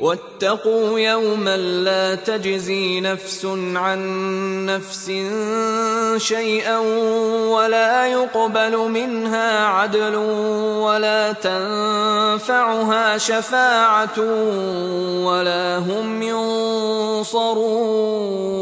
واتقوا يوما لا تجزي نفس عن نفس شيئا ولا يقبل منها عدل ولا تنفعها شفاعه ولا هم ينصرون